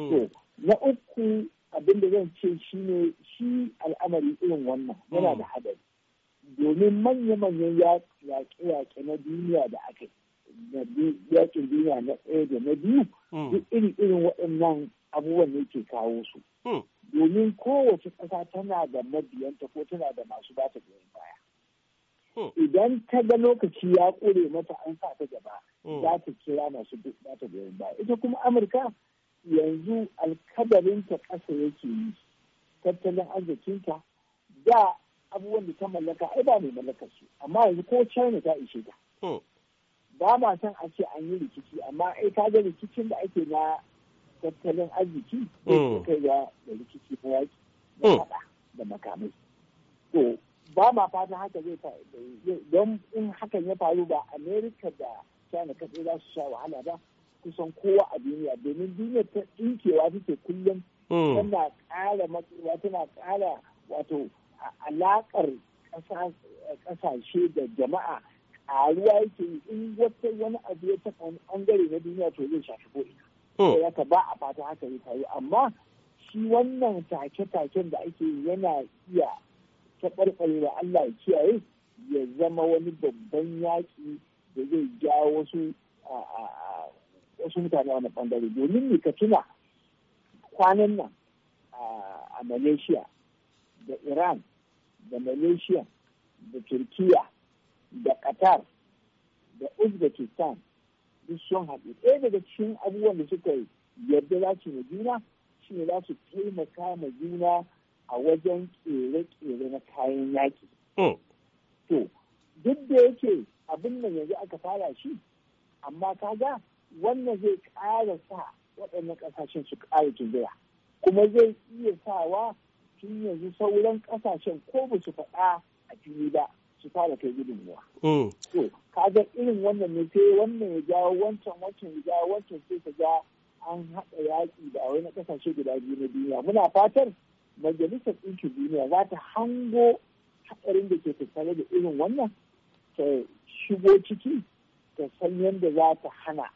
Mm. na uku abin da zan ce shi ne shi al'amari irin wannan yana mm. da hadari domin manya-manyan yaƙe-yaƙe na duniya da aka yaƙin duniya na ɗaya da na biyu mm. duk irin-irin waɗannan abubuwan ne ke kawo su domin kowace ƙasa tana da mabiyanta ko tana da masu ba ta goyon baya idan ta ga lokaci ya ƙure mata an sa ta gaba za ta kira masu ba ta goyon baya ita kuma amurka yanzu alkadarinta ƙasa yake yi tattalin arzikinta da abubuwan da ta mallaka ai ba mai mallaka su amma yanzu ko china ta ishe ta hmm. ba ma san a ce an yi rikici amma ai ka ga rikicin da ake na tattalin arziki zai hmm. kai ga da rikici na yaki hmm. da makamai to ba ma fata haka zai don in hakan ya faru ba amerika da china kaɗai za su sha wahala ba kusan kowa a duniya domin duniya ta ɗinkewa take kullum hmm. tana ƙara matsuwa tana ƙara wato alaƙar ƙasashe da jama'a ƙaruwa yake yi in wata wani abu ya taɓa wani ɓangare na duniya to zai shafi ko ina. Yaka hmm. ba a fata haka ya faru amma shi wannan take-taken da ake yana iya taɓarɓare da Allah ya kiyaye ya zama wani babban yaƙi da zai jawo wasu wasu mutane wani bangare domin ne ka tuna kwanan nan a malaysia da iran da malaysia da turkiya da qatar da uzbekistan duk sun haɗu ɗaya daga cikin abubuwan da suka yarda za su yi juna shi ne za su taimaka ma juna a wajen ƙere-ƙere na kayan yaki hmm. To, duk da yake abin nan yanzu aka fara shi, amma kaga wannan zai ƙara sa waɗannan ƙasashen su ƙara jindira kuma zai iya sawa tun yanzu sauran ƙasashen ko ba su faɗa a fili ba su fara kai gudunmuwa. Mm. To, kaga irin wannan ne sai wannan ya jawo wancan wancan ya jawo wancan sai ka ga an haɗa yaƙi da wani ƙasashe guda biyu na duniya. Muna fatar majalisar ɗinkin duniya za ta hango haɗarin da ke tattare da irin wannan ta shigo ciki ta san yadda za ta hana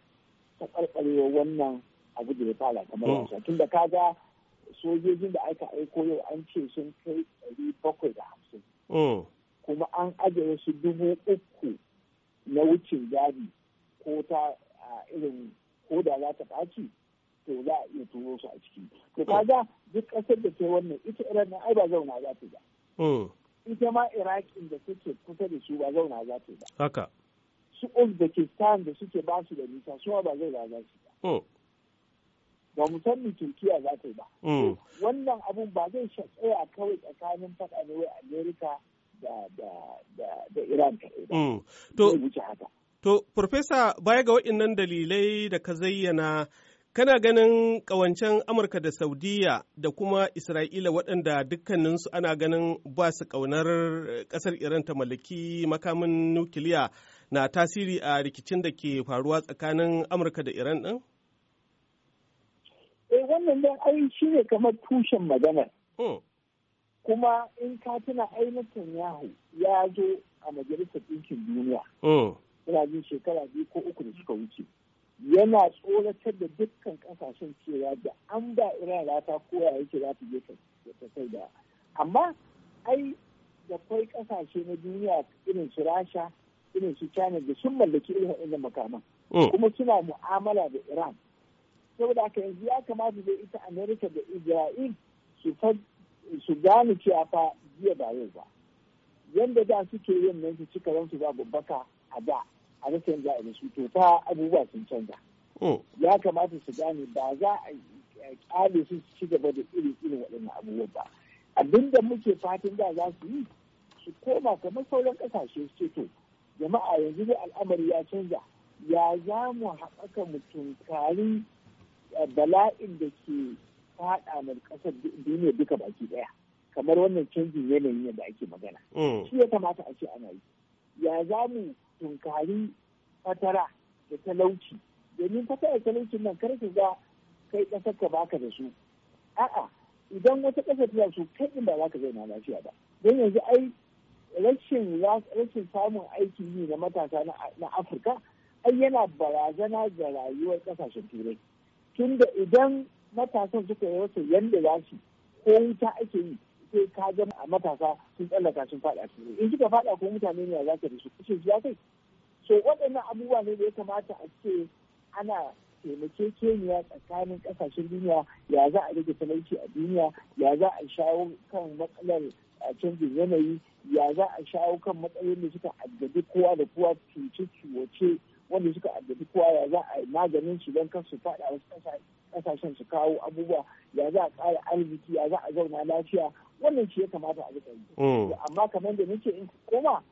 taɓarɓarewa wannan abu da ya fara kamar wasa hmm. tun da kaga sojojin da aka aiko yau an ce sun kai ɗari bakwai da hamsin hmm. kuma an aje wasu dubu uku na wucin jari ko ta irin ko da za ta ɓaci to za a iya turo su a ciki to kaga hmm. duk ƙasar da ke wannan ita iran na ai ba zauna za ta ba ita ma irakin da suke kusa da su ba zauna za ta ba su uzbekistan da suke ba su da nisa suwa ba zai raza su ba hmm. ba mu san turkiya za ta yi ba hmm. wannan abun ba zai tsaya kawai tsakanin faɗa ne wai amerika da iran kaɗai ba hmm. To, Profesa, baya ga waɗannan dalilai da ka zayyana, kana ganin ƙawancen Amurka da Saudiya da kuma Isra'ila waɗanda dukkaninsu ana ganin ba su ƙaunar eh, ƙasar Iran ta mallaki makamin nukiliya na tasiri a rikicin da ke faruwa tsakanin amurka da iran din eh wannan dan ai shi ne kamar tushen magana. Hmm. kuma in ka tuna ainihin yahu ya zo a majalisar ɗinkin duniya yana hmm. jin shekara biyu ko uku da suka wuce yana tsoratar da dukkan kasashen cewa da an ba iran rata koya yake za ta je ta kai da amma ai da kwai kasashe na duniya irin su rasha irin su China da sun mallaki irin waɗannan makaman. Mm. Kuma suna mu'amala da Iran. Saboda haka yanzu ya kamata da ita Amerika da Isra'il su gane cewa fa jiya ba yau ba. Yanda da suke yin nan su cika ransu ba babbaka a da a rasa yanzu a su to ta abubuwa sun canza. Mm. Ya kamata su gane ba za a kyale su ci gaba da irin irin waɗannan abubuwa ba. Abinda muke fatan da za su yi su koma kamar sauran ƙasashe su ce to jama'a yanzu da al'amari ya canza ya za mu haɓaka mu tunkari eh, bala'in da ke faɗa mai ƙasar duniya duka baki ɗaya kamar wannan canjin yanayin da ake magana mm. shi ya kamata a ce ana yi ya za mu tunkari fatara da talauci domin fatara talauci nan kar ka ga kai ƙasar ka baka da su a'a idan wata ƙasar ta su kai ba za ka zauna lafiya ba don yanzu ai rashin rashin samun aikin yi na matasa na afirka ai yana barazana ga rayuwar kasashen turai tunda idan matasan suka yi rasa yadda za su ko wuta ake yi sai ka a matasa sun tsallaka sun faɗa turai in suka faɗa ko mutane ne za ka da su ya kai so waɗannan abubuwa ne da ya kamata a ce ana taimake keniya tsakanin kasashen duniya ya za a rage talauci a duniya ya za a shawo kan matsalar a canjin yanayi ya za a shawo kan matsayin da suka addabi kowa da kowa cuce-cuce wanda suka addabi kowa ya za a maganin su don kan su faɗa wasu ƙasashen su kawo abubuwa ya za a kara arziki ya za a zauna lafiya wannan shi ya kamata a rika yi mm. amma kamar da nake in koma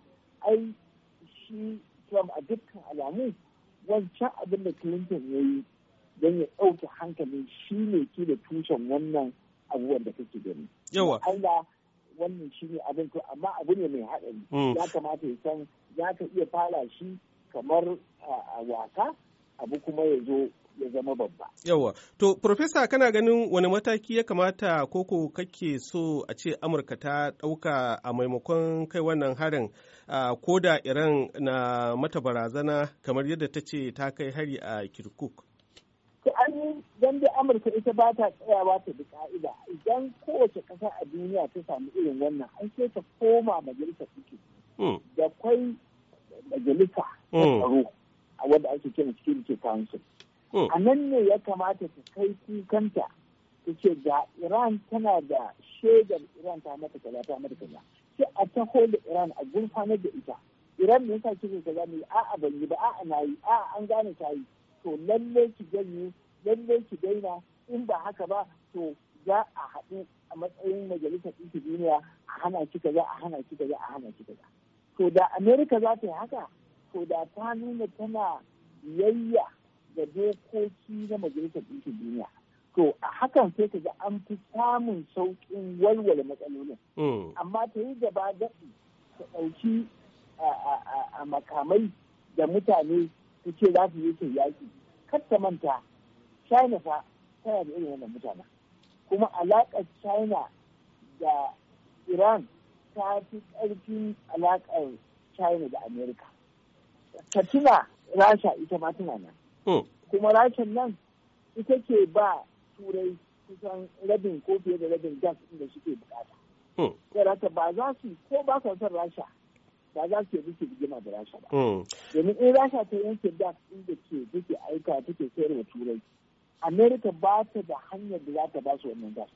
ai shi Trump a dukkan alamu wancan abin da Clinton ya yi don ya ɗauke hankali shi ne ke da tushen wannan abubuwan da kake gani. Yawa. wannan shi ne abin to amma abu ne mai haɗari mm. ya kamata ya san ya ka iya fara shi kamar a wasa abu kuma ya zo ya zama babba. Yawa, to Profesa kana ganin wani mataki ya kamata koko kake so a ce Amurka ta ɗauka a maimakon kai wannan harin ko da Iran na mata barazana kamar yadda ta ce ta kai hari a Kirkuk? idan da amurka ita ba ta tsayawa ta bi ka'ida idan kowace ƙasa a duniya ta samu irin wannan an sai ta koma majalisar suke hmm. da kwai majalisa hmm. tsaro a wadda ake kira security council hmm. a nan ne ya kamata ta kai kukanta ta ce ga iran tana da shaidar iran ta mata kaza ta mata kaza sai a taho da iran a gurfanar da ita iran ne yasa kike kaza ne a'a ban yi ba a'a na yi a'a an gane ta yi to lallai ki janye lallai ki daina in ba haka ba to za a haɗu a matsayin majalisar ɗinki duniya a hana ki kaza a hana ki kaza a hana ki kaza to da america za ta yi haka to da ta nuna tana yayya da dokoki na majalisar ɗinki duniya to a hakan sai ka ga an fi samun sauƙin walwala matsalolin mm. amma ta yi gaba daɗi ta ɗauki a makamai da mutane ta ce za su yi yaƙi kar ta manta china fa tana da irin wannan mutanen kuma alaƙar china da iran ta fi ƙarfin alaƙar china da amerika Ta tuna rasha ita ma tana nan hmm. kuma rashin nan ita ke ba turai kusan rabin ko fiye da rabin gas inda suke bukata hmm. saboda ba za su ko ba sa son rasha ba za su yi rigima da rasha ba hmm. domin in rasha ta yanke gas inda ke take aika take sayarwa turai america ba ta da hanyar da za ta ba su wannan gas